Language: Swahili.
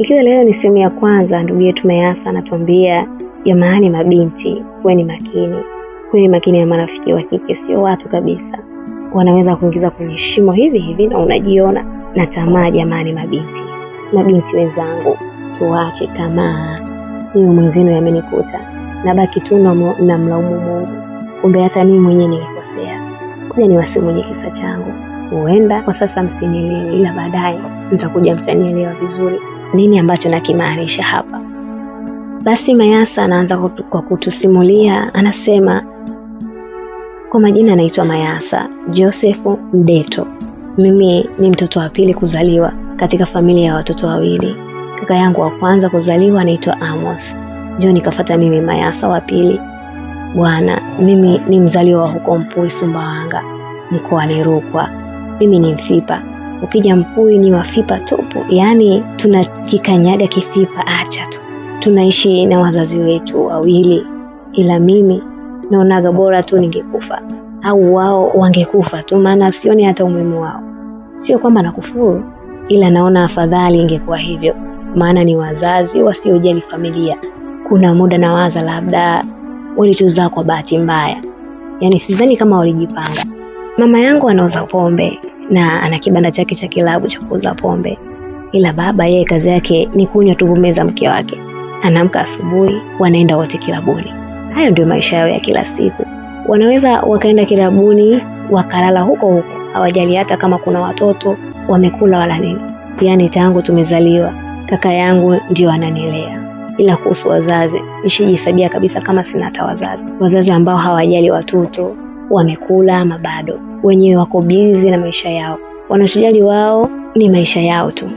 Ikiwa leo ni sehemu ya kwanza, ndugu yetu Mayasa anatuambia jamani, mabinti kweni makini, kweni makini ya marafiki wa kike, sio watu kabisa, wanaweza kuingiza kwenye shimo hivi hivi na unajiona na tamaa. Jamani mabinti, mabinti wenzangu, tuache tamaa hiyo. Mwenzenu yamenikuta nabaki tu na mlaumu Mungu, kumbe hata mimi mwenyewe nilikosea. Kuja mwenye kisa changu, huenda kwa sasa msinielewe, ila baadaye mtakuja mtanielewa vizuri nini ambacho nakimaanisha hapa. Basi Mayasa anaanza kwa kutusimulia anasema, kwa majina anaitwa Mayasa josefu Mdeto. Mimi ni mtoto wa pili kuzaliwa katika familia ya watoto wawili. Kaka yangu wa kwanza kuzaliwa anaitwa Amos, ndio nikafata mimi Mayasa wa pili. Bwana, mimi ni mzaliwa wa huko Mpui, Sumbawanga, mkoani Rukwa. Mimi ni Mfipa, Ukija Mpui ni wafipa tupu, yaani tunakikanyaga kifipa, acha tu. Tunaishi na wazazi wetu wawili, ila mimi naonaga bora tu ningekufa au wao wangekufa tu, maana sioni hata umuhimu wao. Sio kwamba nakufuru, ila naona afadhali ingekuwa hivyo, maana ni wazazi wasiojali familia. Kuna muda nawaza labda walituzaa kwa bahati mbaya, yaani sidhani kama walijipanga. Mama yangu anauza pombe, na ana kibanda chake cha kilabu cha kuuza pombe, ila baba yeye kazi yake ni kunywa tu mke wake. Anaamka asubuhi, wanaenda wote kilabuni. Hayo ndio maisha yao ya kila siku. Wanaweza wakaenda kilabuni wakalala huko huko, hawajali hata kama kuna watoto wamekula wala nini. Yaani tangu tumezaliwa kaka yangu ndio ananilea, ila kuhusu wazazi nishijisabia kabisa kama sina hata wazazi, wazazi ambao hawajali watoto wamekula ama bado. Wenyewe wako bizi na maisha yao, wanachojali wao ni maisha yao tu.